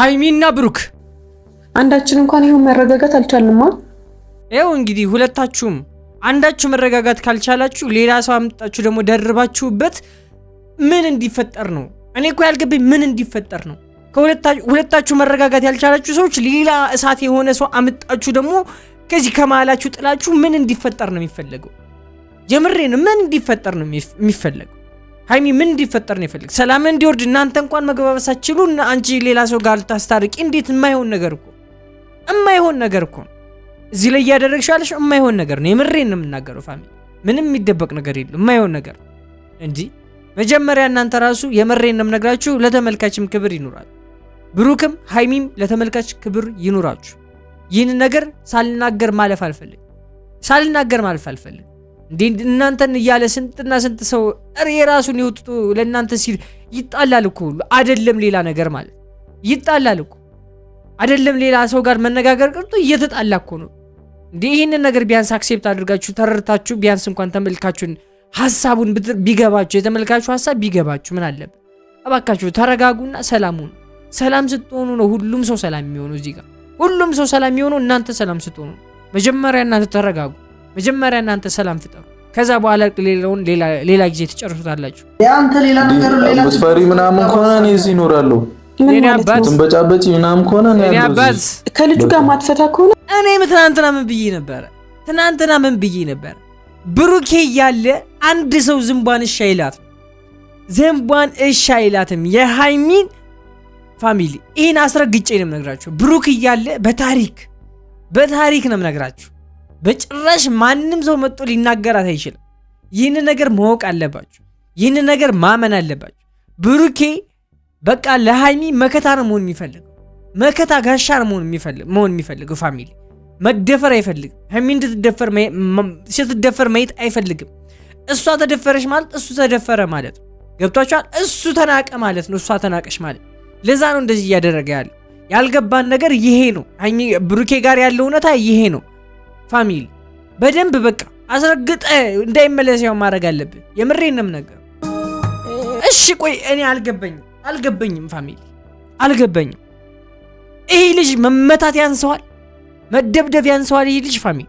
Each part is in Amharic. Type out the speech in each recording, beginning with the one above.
ሀይሚና ብሩክ አንዳችን እንኳን ይሁን መረጋጋት አልቻልንማ። ይኸው እንግዲህ ሁለታችሁም አንዳችሁ መረጋጋት ካልቻላችሁ ሌላ ሰው አምጣችሁ ደግሞ ደርባችሁበት ምን እንዲፈጠር ነው? እኔ እኮ ያልገባኝ ምን እንዲፈጠር ነው? ሁለታችሁ መረጋጋት ያልቻላችሁ ሰዎች ሌላ እሳት የሆነ ሰው አምጣችሁ ደግሞ ከዚህ ከመሀላችሁ ጥላችሁ ምን እንዲፈጠር ነው የሚፈለገው? ጀምሬን ምን እንዲፈጠር ነው የሚፈለገው? ሀይሚ ምን እንዲፈጠር ነው ይፈልግ? ሰላም እንዲወርድ እናንተ እንኳን መግባባት ሳትችሉ አንቺ ሌላ ሰው ጋር ልታስታርቂ እንዴት? የማይሆን ነገር እኮ የማይሆን ነገር እኮ እዚህ ላይ እያደረግሽ ያለሽ የማይሆን ነገር ነው። የምሬን ነው የምናገረው። ምንም የሚደበቅ ነገር የለም። የማይሆን ነገር እንዲህ መጀመሪያ እናንተ ራሱ የመሬን ነው የምነግራችሁ። ለተመልካችም ክብር ይኑራል። ብሩክም ሀይሚም ለተመልካች ክብር ይኑራችሁ። ይህን ነገር ሳልናገር ማለፍ አልፈልግ ሳልናገር ማለፍ አልፈልግ እናንተን እያለ ስንትና ስንት ሰው የራሱን የወጥቶ ለእናንተ ሲል ይጣላል እኮ አደለም ሌላ ነገር ማለት ይጣላል እኮ አደለም ሌላ ሰው ጋር መነጋገር ቀርቶ እየተጣላ እኮ ነው እንዴ ይህንን ነገር ቢያንስ አክሴፕት አድርጋችሁ ተረድታችሁ ቢያንስ እንኳን ተመልካችሁን ሀሳቡን ቢገባችሁ የተመልካችሁ ሀሳብ ቢገባችሁ ምን አለበት እባካችሁ ተረጋጉና ሰላሙን ሰላም ስትሆኑ ነው ሁሉም ሰው ሰላም የሚሆኑ እዚህ ጋር ሁሉም ሰው ሰላም የሚሆኑ እናንተ ሰላም ስትሆኑ መጀመሪያ እናንተ ተረጋጉ መጀመሪያ እናንተ ሰላም ፍጠሩ። ከዛ በኋላ ሌላውን ሌላ ጊዜ ትጨርሱታላችሁ። አንተ ሌላ ነገር ሌላ ምናምን ከሆነ እኔ እዚህ እኖራለሁ። እኔ አባት ምናምን ከሆነ እኔ አባት ከልጁ ጋር ማትፈታ ከሆነ እኔም ትናንትና ምን ብዬ ነበረ? ትናንትና ምን ብዬ ነበረ? ብሩኬ ያለ አንድ ሰው ዝንቧን እሺ አይላትም። ዝንቧን እሺ አይላትም። የሃይሚን ፋሚሊ ይህን አስረግጬ ነው የምነግራችሁ። ብሩክ እያለ በታሪክ በታሪክ ነው የምነግራችሁ በጭራሽ ማንም ሰው መጥቶ ሊናገራት አይችልም። ይህን ነገር ማወቅ አለባችሁ። ይህን ነገር ማመን አለባችሁ። ብሩኬ በቃ ለሃይሚ መከታ ነው መሆን የሚፈልገው። መከታ ጋሻ ነው መሆን የሚፈልገው። ፋሚሊ መደፈር አይፈልግም። ሃይሚ እንድትደፈር ስትደፈር ማየት አይፈልግም። እሷ ተደፈረች ማለት እሱ ተደፈረ ማለት ነው። ገብቷችኋል? እሱ ተናቀ ማለት ነው። እሷ ተናቀች ማለት ለዛ ነው እንደዚህ እያደረገ ያለ ያልገባን ነገር ይሄ ነው። ብሩኬ ጋር ያለው እውነታ ይሄ ነው። ፋሚሊ በደንብ በቃ አስረግጠ እንዳይመለስ ያው ማድረግ አለብን። የምሬንም ነገር እሺ። ቆይ እኔ አልገባኝም አልገባኝም ፋሚሊ አልገባኝም። ይሄ ልጅ መመታት ያንሰዋል፣ መደብደብ ያንሰዋል። ይሄ ልጅ ፋሚሊ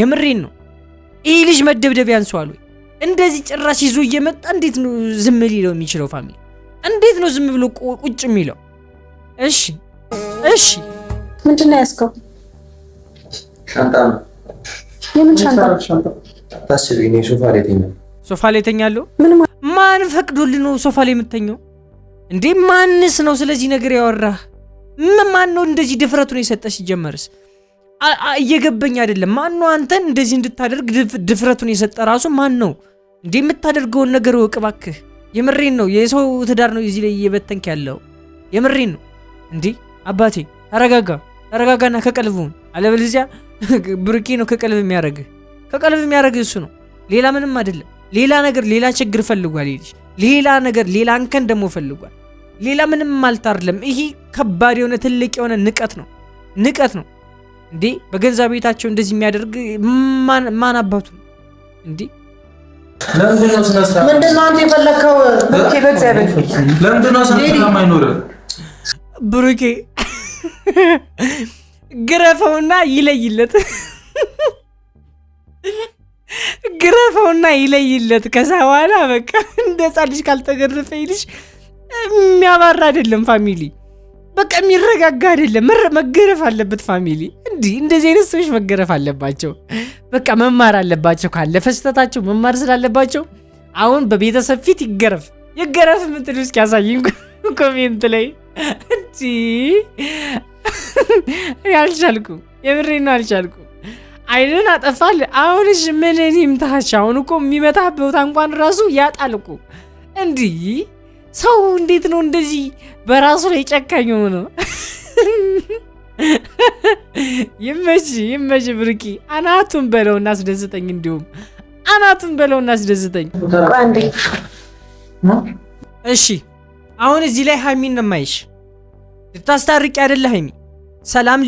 የምሬን ነው። ይሄ ልጅ መደብደብ ያንሰዋል ወይ? እንደዚህ ጭራሽ ይዞ እየመጣ እንዴት ነው ዝም ሊለው የሚችለው? ፋሚሊ እንዴት ነው ዝም ብሎ ቁጭ የሚለው? እሺ እሺ ምንድን ነው ያስከው ሻንጣ ነው። የምን ሻንጣ? እኔ ሶፋ ላይ ተኛለሁ። ሶፋ ላይ ተኛለሁ። ምን ማን ፈቅዶልህ ነው ሶፋ ላይ የምተኘው? እንዴ? ማንስ ነው ስለዚህ ነገር ያወራህ? ማን ነው እንደዚህ ድፍረቱ ነው የሰጠህ? ሲጀመርስ እየገበኝ አይደለም። ማን ነው አንተን እንደዚህ እንድታደርግ ድፍረቱን የሰጠ ራሱ ማን ነው እንዴ? የምታደርገውን ነገር እወቅ እባክህ። የምሬን ነው። የሰው ትዳር ነው እዚህ ላይ እየበተንክ ያለው። የምሬን ነው እንዴ። አባቴ ተረጋጋ፣ ተረጋጋና ከቀልቡን አለበለዚያ ብርቂ ነው ከቀልብ የሚያደርግ ከቀልብ የሚያደርግ እሱ ነው። ሌላ ምንም አይደለም። ሌላ ነገር ሌላ ችግር ፈልጓል ይልሽ ሌላ ነገር ሌላ አንከን ደግሞ ፈልጓል። ሌላ ምንም ማለት አይደለም። ይሄ ከባድ የሆነ ትልቅ የሆነ ንቀት ነው። ንቀት ነው እንዴ! በገንዛ ቤታቸው እንደዚህ የሚያደርግ ማን አባቱ ነው እንዴ? ምንድነው አንተ የፈለከው? ስነ ስርዓት ማይኖር ብሩኬ ግረፈውና ይለይለት ግረፈውና ይለይለት። ከዛ በኋላ በቃ እንደ ሕፃን ልጅ ካልተገረፈ ይልሽ የሚያባራ አይደለም ፋሚሊ፣ በቃ የሚረጋጋ አይደለም። መገረፍ አለበት ፋሚሊ። እንዲህ እንደዚህ አይነት ሰዎች መገረፍ አለባቸው። በቃ መማር አለባቸው። ካለፈ ስህተታቸው መማር ስላለባቸው አሁን በቤተሰብ ፊት ይገረፍ። ይገረፍ የምትሉ እስኪ ያሳይኝ ኮሜንት ላይ እንዲህ አልቻልኩም። የምሬ ነው አልቻልኩም። አይንን አጠፋል። አሁንሽ ምንን ይምታች? አሁን እኮ የሚመታ ቦታ እንኳን ራሱ ያጣል እኮ። እንዲህ ሰው እንዴት ነው እንደዚህ በራሱ ላይ ጨካኝ ሆኖ? ይመች ይመች፣ ብርቂ አናቱን በለው እናስደስተኝ። እንዲሁም አናቱን በለው እናስደስተኝ። እሺ አሁን እዚህ ላይ ሀይሚን ነው የማይሽ። ልታስታርቂ አይደለ ሀይሚ ሰላም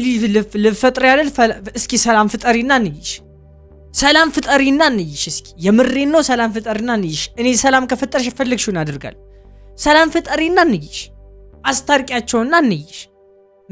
ልፈጥር ያለል እስኪ ሰላም ፍጠሪና እንይሽ። ሰላም ፍጠሪና እንይሽ። እስኪ የምሬን ነው። ሰላም ፍጠሪና እንይሽ። እኔ ሰላም ከፈጠርሽ የፈለግሽውን አድርጋል። ሰላም ፍጠሪና እንይሽ። አስታርቂያቸውና እንይሽ።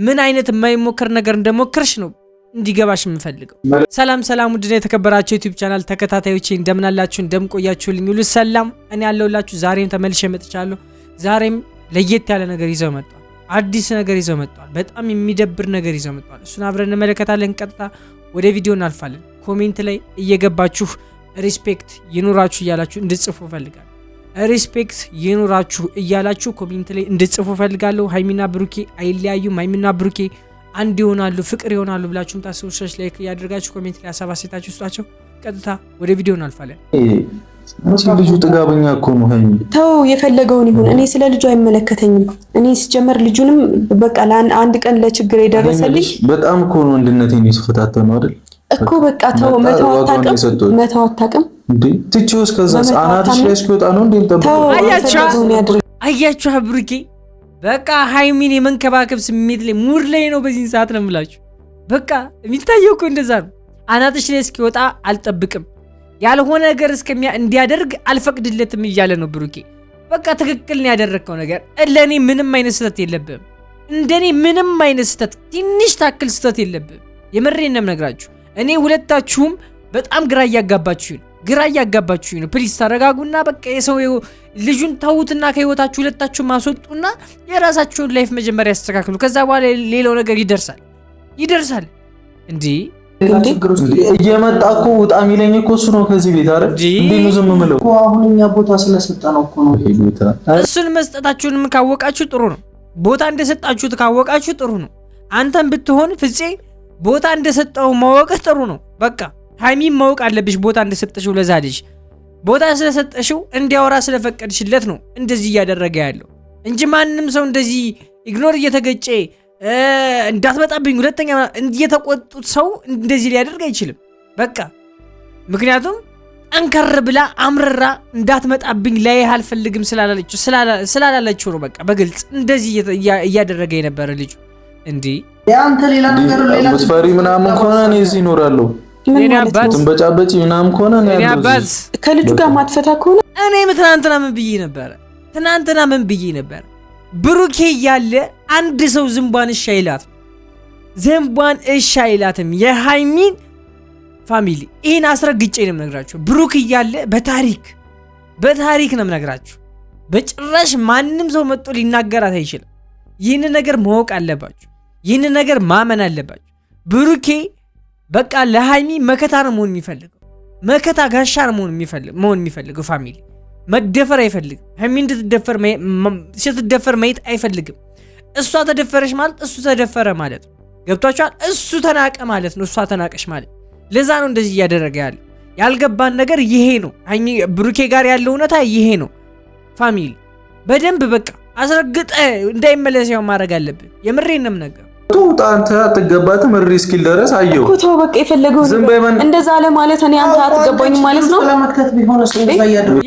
ምን አይነት የማይሞከር ነገር እንደሞከርሽ ነው እንዲገባሽ የምፈልገው። ሰላም ሰላም፣ ውድና የተከበራቸው ዩቲዩብ ቻናል ተከታታዮች እንደምናላችሁ፣ እንደምቆያችሁልኝ ሁሉ ሰላም። እኔ ያለውላችሁ ዛሬም ተመልሼ መጥቻለሁ። ዛሬም ለየት ያለ ነገር ይዘው መጣ አዲስ ነገር ይዘው መጥተዋል። በጣም የሚደብር ነገር ይዘው መጥተዋል። እሱን አብረን እንመለከታለን። ቀጥታ ወደ ቪዲዮ እናልፋለን። ኮሜንት ላይ እየገባችሁ ሪስፔክት ይኑራችሁ እያላችሁ እንድጽፉ እፈልጋለሁ። ሪስፔክት ይኑራችሁ እያላችሁ ኮሜንት ላይ እንድጽፉ እፈልጋለሁ። ሀይሚና ብሩኬ አይለያዩም። ሀይሚና ብሩኬ አንድ ይሆናሉ፣ ፍቅር ይሆናሉ ብላችሁም ታስቡ። ላይክ እያደርጋችሁ ኮሜንት ላይ ሀሳብ አሴታችሁ ስጧቸው። ቀጥታ ወደ ቪዲዮ እናልፋለን። አንቺ ልጁ ጥጋበኛ እኮ ነው። ሀይሚ ተው፣ የፈለገውን ይሁን። እኔ ስለ ልጁ አይመለከተኝም። እኔ ሲጀመር ልጁንም በቃ ለአንድ ቀን ለችግር የደረሰልኝ በጣም እኮ ነው። ወንድነቴን የተፈታተነው አይደል እኮ በቃ ተው፣ መተው አታውቅም፣ መተው አታውቅም እንዴ ትቼው እስከዛ አናትሽ ላይ እስኪወጣ ነው እንዴ እንጠብቀው። አያችሁ አብሩኬ፣ በቃ ሀይሚን የመንከባከብ ስሜት ላይ ሙር ላይ ነው በዚህን ሰዓት ነው የምላችሁ። በቃ የሚታየው እኮ እንደዛ ነው። አናትሽ ላይ እስኪወጣ አልጠብቅም ያልሆነ ነገር እስከሚያ እንዲያደርግ አልፈቅድለትም እያለ ነው ብሩኬ። በቃ ትክክል ነው ያደረግከው ነገር። ለእኔ ምንም አይነት ስህተት የለብም። እንደኔ ምንም አይነት ስህተት ትንሽ ታክል ስህተት የለብም። የምሬን ነው የምነግራችሁ። እኔ ሁለታችሁም በጣም ግራ እያጋባችሁኝ ግራ እያጋባችሁኝ ነው። ፕሊስ ተረጋጉና በቃ የሰው ልጁን ተዉትና ከህይወታችሁ ሁለታችሁ ማስወጡና የራሳችሁን ላይፍ መጀመሪያ ያስተካክሉ። ከዛ በኋላ ሌላው ነገር ይደርሳል ይደርሳል እንዲህ እየመጣ እኮ ውጣ የሚለኝ እኮ እሱ ነው። ከዚህ ቤት አረ እንዴ ነው ዝም ምለው እኮ አሁን እኛ ቦታ ስለሰጠ ነው እኮ ነው። እሱን መስጠታችሁንም ካወቃችሁ ጥሩ ነው። ቦታ እንደሰጣችሁት ካወቃችሁ ጥሩ ነው። አንተም ብትሆን ፍፄ ቦታ እንደሰጠው ማወቅህ ጥሩ ነው። በቃ ሀይሚም ማወቅ አለብሽ ቦታ እንደሰጠሽው ለዛ ልጅ ቦታ ስለሰጠሽው እንዲያወራ ስለፈቀድሽለት ነው እንደዚህ እያደረገ ያለው እንጂ ማንም ሰው እንደዚህ ኢግኖር እየተገጨ እንዳትመጣብኝ ሁለተኛ እየተቆጡት ሰው እንደዚህ ሊያደርግ አይችልም። በቃ ምክንያቱም ጠንከር ብላ አምርራ እንዳትመጣብኝ ላይ አልፈልግም ስላላለችው ነው። በቃ በግልጽ እንደዚህ እያደረገ የነበረ ልጁ እንዲህ ፈሪ ምናምን ከሆነ እኔ እዚህ እኖራለሁ። ትንበጫበጪ ምናምን ከሆነ ከልጁ ጋር ማትፈታ ከሆነ እኔም ትናንትና ምን ብዬ ነበረ? ትናንትና ምን ብዬ ነበረ? ብሩኬ ያለ አንድ ሰው ዝንቧን እሺ አይላትም። ዝንቧን እሺ አይላትም። የሃይሚን ፋሚሊ ይህን አስረግጬ ነው የምነግራችሁ። ብሩክ እያለ በታሪክ በታሪክ ነው የምነግራችሁ። በጭራሽ ማንም ሰው መጥቶ ሊናገራት አይችልም። ይህንን ነገር ማወቅ አለባችሁ። ይህንን ነገር ማመን አለባችሁ። ብሩኬ በቃ ለሃይሚ መከታ ነው መሆን የሚፈልገው። መከታ ጋሻ ነው መሆን የሚፈልገው ፋሚሊ መደፈር አይፈልግም። ሀይሚ እንድትደፈር ስትደፈር ማየት አይፈልግም። እሷ ተደፈረች ማለት እሱ ተደፈረ ማለት ገብቷችኋል? እሱ ተናቀ ማለት ነው። እሷ ተናቀች ማለት ለዛ ነው እንደዚህ እያደረገ ያለ። ያልገባን ነገር ይሄ ነው። ብሩኬ ጋር ያለው እውነታ ይሄ ነው። ፋሚሊ በደንብ በቃ አስረግጠ እንዳይመለስ ያው ማድረግ አለብን። የምሬንም ነገር ጡጣ አንተ አትገባትም። እሪ እስኪል ድረስ አየሁ እኮ ተው በቃ የፈለገው እንደዛ አለ ማለት እኔ አንተ አትገባኝም ማለት ነው።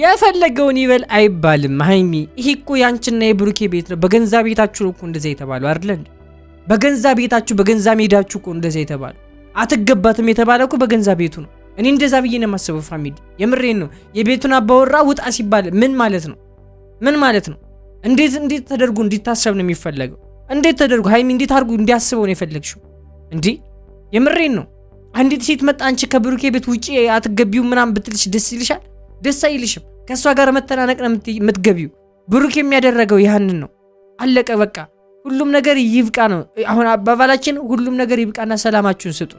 የፈለገውን ይበል አይባልም። ሀይሚ ይሄ እኮ ያንቺና የብሩኬ ቤት ነው። በገንዛ ቤታችሁ እኮ እንደዛ የተባሉ አይደለ? በገንዛ ቤታችሁ በገንዛ ሜዳችሁ እኮ እንደዛ የተባሉ አትገባትም የተባለ እኮ በገንዛ ቤቱ ነው። እኔ እንደዛ ብዬ ነው የማስበው። ፋሚሊ የምሬን ነው። የቤቱን አባወራ ውጣ ሲባል ምን ማለት ነው? ምን ማለት ነው? እንዴት እንዴት ተደርጎ እንዲታሰብ ነው የሚፈለገው? እንዴት ተደርጎ ሀይሚ እንዴት አድርጎ እንዲያስበው ነው የፈለግሽው? እንዲህ የምሬን ነው። አንዲት ሴት መጣ አንቺ ከብሩኬ ቤት ውጪ አትገቢው ምናምን ብትልሽ ደስ ይልሻል? ደስ አይልሽም። ከእሷ ጋር መተናነቅ ነው የምትገቢው። ብሩኬ የሚያደረገው ያህንን ነው። አለቀ በቃ። ሁሉም ነገር ይብቃ ነው አሁን አባባላችን። ሁሉም ነገር ይብቃና ሰላማችሁን ስጡ።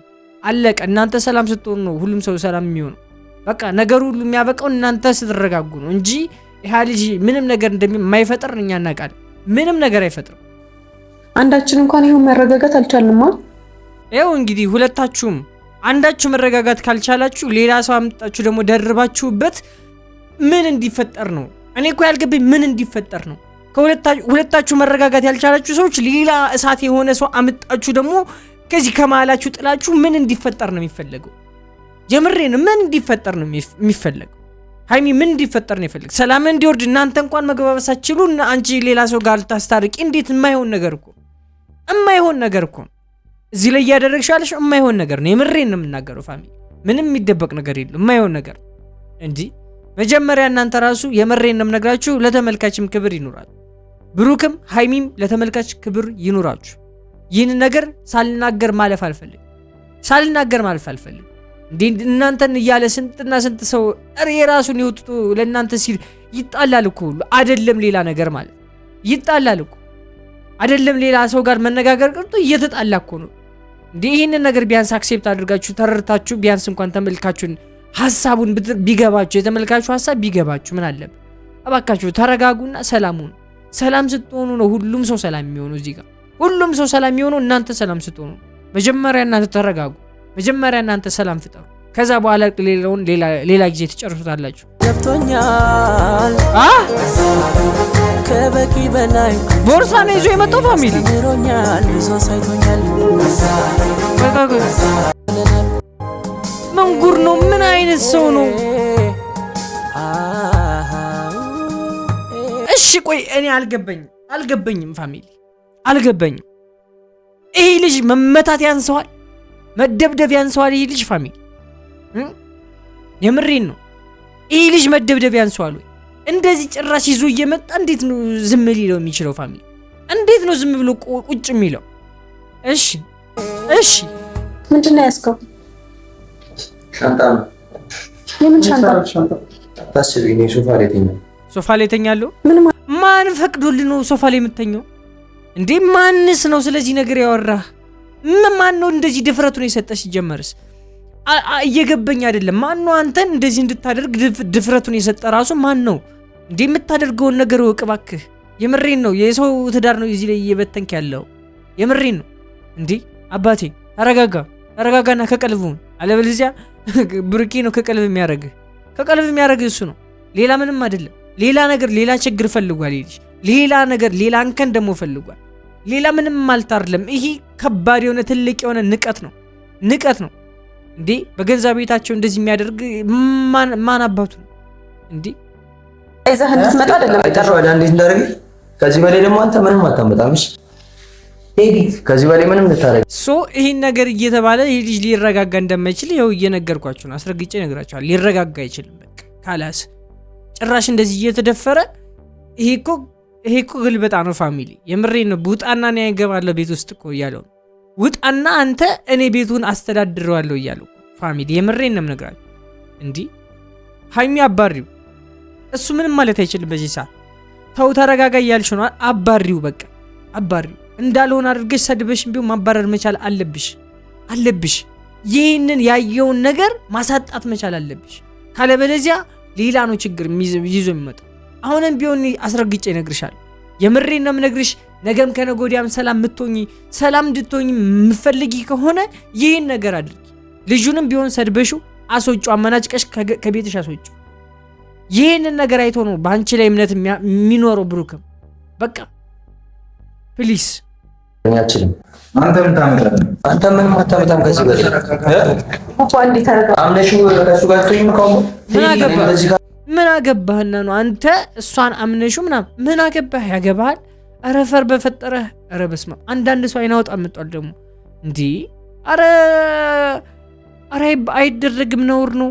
አለቀ። እናንተ ሰላም ስትሆኑ ነው ሁሉም ሰው ሰላም የሚሆነው። በቃ ነገሩ ሁሉ የሚያበቃው እናንተ ስትረጋጉ ነው እንጂ ይህ ልጅ ምንም ነገር እንደማይፈጥር እኛ እናውቃለን። ምንም ነገር አይፈጥርም። አንዳችን እንኳን ይሁን መረጋጋት አልቻልንማ። ይኸው እንግዲህ ሁለታችሁም አንዳችሁ መረጋጋት ካልቻላችሁ ሌላ ሰው አምጣችሁ ደግሞ ደርባችሁበት ምን እንዲፈጠር ነው? እኔ እኮ ያልገባኝ ምን እንዲፈጠር ነው? ሁለታችሁ መረጋጋት ያልቻላችሁ ሰዎች ሌላ እሳት የሆነ ሰው አምጣችሁ ደግሞ ከዚህ ከመሀላችሁ ጥላችሁ ምን እንዲፈጠር ነው የሚፈለገው? የምሬን ምን እንዲፈጠር ነው የሚፈለገው? ሀይሚ ምን እንዲፈጠር ነው የፈለግ? ሰላም እንዲወርድ እናንተ እንኳን መግባባት አንቺ ሌላ ሰው ጋር ልታስታርቂ? እንዴት የማይሆን ነገር እኮ እማይሆን ነገር እኮ ነው እዚህ ላይ እያደረግሽ ያለሽ እማይሆን ነገር ነው። የምሬ ነው የምናገረው ፋሚሊ፣ ምንም የሚደበቅ ነገር የለም። የማይሆን ነገር እንጂ መጀመሪያ እናንተ ራሱ የምሬ ነው የምነግራችሁ። ለተመልካችም ክብር ይኑራል። ብሩክም ሀይሚም ለተመልካች ክብር ይኑራችሁ። ይህን ነገር ሳልናገር ማለፍ አልፈልግም። ሳልናገር ማለፍ አልፈልግ? እንዲ እናንተን እያለ ስንትና ስንት ሰው የራሱን ይወጥጡ ለእናንተ ሲል ይጣላል እኮ ሁሉ አይደለም ሌላ ነገር ማለት ይጣላል እኮ አይደለም ሌላ ሰው ጋር መነጋገር ቀርቶ እየተጣላ እኮ ነው። እንዲህ ይህንን ነገር ቢያንስ አክሴፕት አድርጋችሁ ተረድታችሁ ቢያንስ እንኳን ተመልካችሁን ሀሳቡን ቢገባችሁ የተመልካችሁ ሀሳብ ቢገባችሁ ምን አለም? እባካችሁ ተረጋጉና ሰላሙን ሰላም ስትሆኑ ነው ሁሉም ሰው ሰላም የሚሆኑ። እዚህ ጋር ሁሉም ሰው ሰላም የሚሆኑ እናንተ ሰላም ስትሆኑ። መጀመሪያ እናንተ ተረጋጉ። መጀመሪያ እናንተ ሰላም ፍጠሩ። ከዛ በኋላ ሌላውን ሌላ ጊዜ ትጨርሱታላችሁ። ገብቶኛል። ከበቂ በላይ ቦርሳ ነው ይዞ የመጣው ፋሚሊ ሮኛል ብዙ አሳይቶኛል። ምን ጉር ነው? ምን አይነት ሰው ነው? እሺ ቆይ እኔ አልገባኝም አልገባኝም ፋሚሊ አልገባኝም። ይሄ ልጅ መመታት ያንሰዋል፣ መደብደብ ያንሰዋል። ይህ ልጅ ፋሚሊ የምሬን ነው። ይህ ልጅ መደብደብ ያንሰዋል ወይ እንደዚህ ጭራሽ ይዞ እየመጣ እንዴት ነው ዝም ሊለው የሚችለው? ፋሚሊ እንዴት ነው ዝም ብሎ ቁጭ የሚለው? እሺ እሺ፣ ምንድን ነው ሻንጣ ነው። የምን ሻንጣ? ሶፋ ላይ ተኛለሁ። ሶፋ ላይ ተኛለሁ። ማን ፈቅዶልህ ነው ሶፋ ላይ የምተኘው? እንዴ ማንስ ነው ስለዚህ ነገር ያወራህ? ማን ነው እንደዚህ ድፍረቱን የሰጠ? ሲጀመርስ እየገበኝ አይደለም። ማን ነው አንተን እንደዚህ እንድታደርግ ድፍረቱን የሰጠ ራሱ ማን ነው? እንዲህ የምታደርገውን ነገር እወቅ እባክህ። የምሬን ነው። የሰው ትዳር ነው እዚህ ላይ እየበተንክ ያለው። የምሬን ነው። እንዲህ አባቴ ተረጋጋ፣ ተረጋጋና ከቀልቡ አለበለዚያ ብሩኬ ነው ከቀልብ የሚያደርግህ። ከቀልብ የሚያደርግህ እሱ ነው፣ ሌላ ምንም አይደለም። ሌላ ነገር፣ ሌላ ችግር ፈልጓል ይልሽ፣ ሌላ ነገር፣ ሌላ አንከ ደግሞ ፈልጓል። ሌላ ምንም አልታርለም። ይሄ ከባድ የሆነ ትልቅ የሆነ ንቀት ነው፣ ንቀት ነው እንዴ! በገንዘብ ቤታቸው እንደዚህ የሚያደርግ ማን አባቱ ነው እንዴ? ይዘህ እንድትመጣ አይደለም የጠራው። እንዴት እንዳደረገ ከዚህ በላይ ደግሞ አንተ ምንም አታመጣም። እሺ ከዚህ በላይ ምንም ልታደርግ ሶ ይህን ነገር እየተባለ ይህ ልጅ ሊረጋጋ እንደማይችል ይኸው እየነገርኳችሁ ነው። አስረግጬ ነግራችኋል። ሊረጋጋ አይችልም። ካላስ ጭራሽ እንደዚህ እየተደፈረ ይሄ እኮ ግልበጣ ነው። ፋሚሊ የምሬ ነው። ውጣና እኔ እገባለሁ ቤት ውስጥ እኮ እያለው ውጣና አንተ እኔ ቤቱን አስተዳድረዋለሁ እያለው ፋሚሊ የምሬ ነው እንዲህ ሀይሚ አባሪው እሱ ምንም ማለት አይችልም በዚህ ሰዓት። ተው ተረጋጋ እያልሽ ነው። አባሪው በቃ አባሪው እንዳልሆን አድርገሽ ሰድበሽ ቢሆን ማባረር መቻል አለብሽ አለብሽ። ይህንን ያየውን ነገር ማሳጣት መቻል አለብሽ። ካለበለዚያ ሌላ ነው ችግር ይዞ የሚመጣ አሁንም ቢሆን አስረግጬ እነግርሻለሁ። የምሬን ነው የምነግርሽ። ነገም ከነገ ወዲያም ሰላም ምትሆኚ ሰላም እንድትሆኚ የምትፈልጊ ከሆነ ይህን ነገር አድርጊ። ልጁንም ቢሆን ሰድበሹ አስወጪው፣ አመናጭቀሽ ከቤትሽ አስወጪው። ይህንን ነገር አይቶ ነው በአንቺ ላይ እምነት የሚኖረው። ብሩክም በቃ ፕሊስ አንተ ምንም አታመጣም። ከዚህ ምን አገባህና ነው አንተ እሷን አምነሹ ምናምን ምን አገባህ? ያገባሃል። ኧረ ፈር በፈጠረህ። ኧረ በስመ አብ። አንዳንድ ሰው አይናወጣ መጧል ደግሞ እንዲህ ኧረ ኧረ አይደረግም ነውር ነው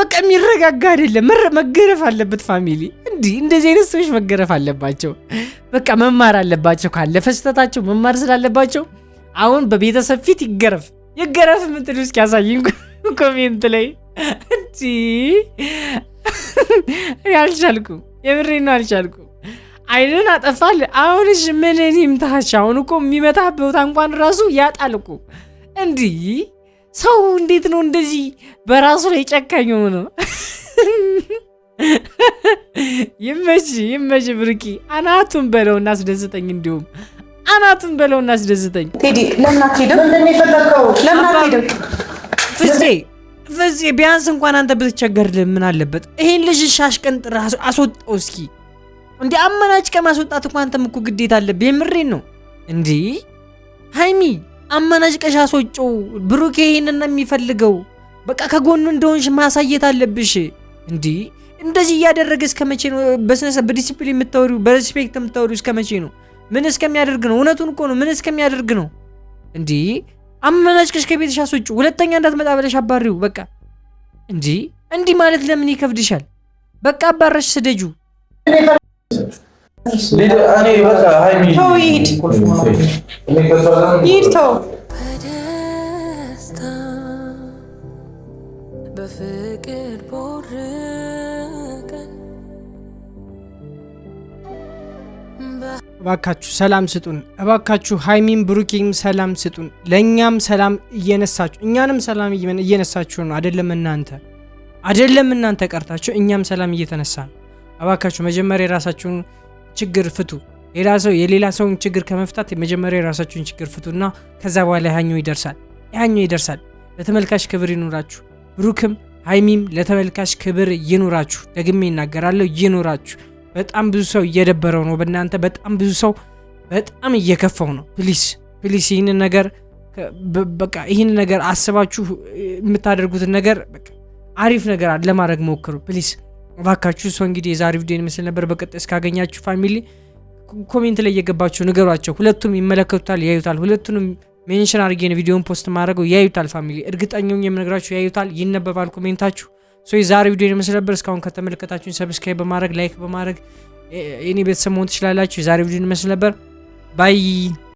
በቃ የሚረጋጋ አይደለም። መገረፍ አለበት ፋሚሊ። እንዲህ እንደዚህ አይነት ሰዎች መገረፍ አለባቸው። በቃ መማር አለባቸው። ካለፈ ስህተታቸው መማር ስላለባቸው አሁን በቤተሰብ ፊት ይገረፍ። ይገረፍ የምትሉ እስኪ ያሳይኝ ኮሜንት ላይ እንጂ አልቻልኩም። የምሬ ነው አልቻልኩም። አይንን አጠፋል። አሁንሽ ምንን ይምታሽ? አሁን እኮ የሚመታ ቦታ እንኳን ራሱ ያጣል እንዲህ ሰው እንዴት ነው እንደዚህ በራሱ ላይ ጨካኝ ሆኖ? ይመች ይመች፣ ብርኪ፣ አናቱን በለው እናስደስተኝ። እንዲሁም አናቱን በለው እናስደስተኝ። ፍዜ ቢያንስ እንኳን አንተ ብትቸገር ምን አለበት? ይሄን ልጅ ሻሽ ቀን ጥራ አስወጣው እስኪ። እንዲ አመናጭ ቀን እንኳን አንተም እኮ ግዴታ አለብህ። የምሬን ነው እንዲህ ሀይሚ አመናጭቀሽ አስወጪው። ብሩኬ ይሄንን ነው የሚፈልገው። በቃ ከጎኑ እንደሆንሽ ማሳየት አለብሽ። እንዲህ እንደዚህ እያደረገ እስከ መቼ ነው በስነሰ በዲሲፕሊን የምታወሪው በሬስፔክት የምታወሪው እስከ መቼ ነው? ምን እስከሚያደርግ ነው? እውነቱን እኮ ነው። ምን እስከሚያደርግ ነው? እንዲህ አመናጭቀሽ ከቤትሽ አስወጪው። ሁለተኛ እንዳትመጣ ብለሽ አባሪው። በቃ እንዲህ እንዲህ ማለት ለምን ይከብድሻል? በቃ አባረሽ ስደጁ። በደስታ በፍቅር እባካችሁ ሰላም ስጡን። እባካችሁ ሀይሚም ብሩኬም ሰላም ስጡን። ለእኛም ሰላም እየነሳችሁ እኛንም ሰላም እየነሳችሁ ነው። አደለም እናንተ አደለም እናንተ ቀርታችሁ እኛም ሰላም እየተነሳ ነው። እባካችሁ መጀመሪያ የራሳችሁን ችግር ፍቱ። ሌላ ሰው የሌላ ሰውን ችግር ከመፍታት የመጀመሪያ የራሳችሁን ችግር ፍቱና ከዛ በኋላ ያኛው ይደርሳል ያኛው ይደርሳል። ለተመልካች ክብር ይኖራችሁ። ብሩክም ሀይሚም ለተመልካች ክብር ይኖራችሁ። ደግሜ ይናገራለሁ፣ ይኑራችሁ። በጣም ብዙ ሰው እየደበረው ነው በእናንተ። በጣም ብዙ ሰው በጣም እየከፋው ነው። ፕሊስ ፕሊስ፣ ይህን ነገር በቃ ይህን ነገር አስባችሁ የምታደርጉትን ነገር አሪፍ ነገር ለማድረግ ሞክሩ ፕሊስ። እባካችሁ ሰው እንግዲህ የዛሬ ቪዲዮ ይመስል ነበር። በቀጣይ እስካገኛችሁ ፋሚሊ ኮሜንት ላይ እየገባችሁ ንገሯቸው። ሁለቱም ይመለከቱታል፣ ያዩታል። ሁለቱንም ሜንሽን አድርጌን ቪዲዮን ፖስት ማድረገው ያዩታል። ፋሚሊ እርግጠኛውን የምነግራችሁ ያዩታል፣ ይነበባል ኮሜንታችሁ። ሶ የዛሬ ቪዲዮ ይመስል ነበር። እስካሁን ከተመለከታችሁኝ ሰብስክራይብ በማድረግ ላይክ በማድረግ የኔ ቤተሰብ መሆን ትችላላችሁ። የዛሬ ቪዲዮ ይመስል ነበር። ባይ